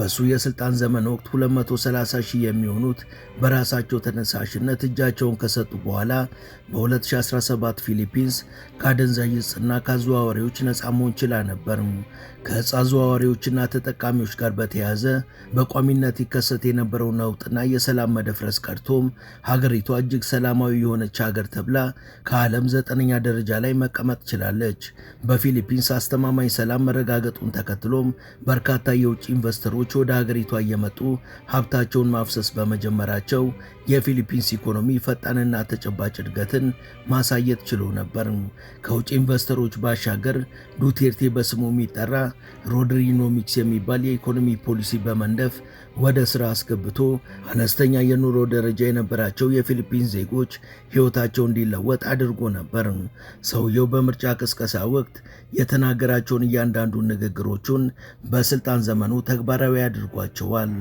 በሱ የሥልጣን ዘመን ወቅት 230 ሺህ የሚሆኑት በራሳቸው ተነሳሽነት እጃቸውን ከሰጡ በኋላ በ2017 ፊሊፒንስ ከአደንዛዥ ዕፅና ከአዘዋዋሪዎች ነፃ መሆን ችላ ነበር። ከዕፅ አዘዋዋሪዎችና ተጠቃሚዎች ጋር በተያያዘ በቋሚነት ይከሰት የነበረው ነውጥና የሰላም መደፍረስ ቀርቶም ሀገሪቷ እጅግ ሰላማዊ የሆነች ሀገር ተብላ ከዓለም ዘጠነኛ ደረጃ ላይ መቀመጥ ችላለች። በፊሊፒንስ አስተማማኝ ሰላም መረጋገጡን ተከትሎም በርካታ የውጭ ኢንቨስተሮች ሰዎች ወደ ሀገሪቷ እየመጡ ሀብታቸውን ማፍሰስ በመጀመራቸው የፊሊፒንስ ኢኮኖሚ ፈጣንና ተጨባጭ እድገትን ማሳየት ችሎ ነበር። ከውጭ ኢንቨስተሮች ባሻገር ዱቴርቴ በስሙ የሚጠራ ሮድሪኖሚክስ የሚባል የኢኮኖሚ ፖሊሲ በመንደፍ ወደ ሥራ አስገብቶ አነስተኛ የኑሮ ደረጃ የነበራቸው የፊሊፒንስ ዜጎች ሕይወታቸው እንዲለወጥ አድርጎ ነበር። ሰውየው በምርጫ ቅስቀሳ ወቅት የተናገራቸውን እያንዳንዱ ንግግሮቹን በስልጣን ዘመኑ ተግባራዊ አድርጓቸዋል።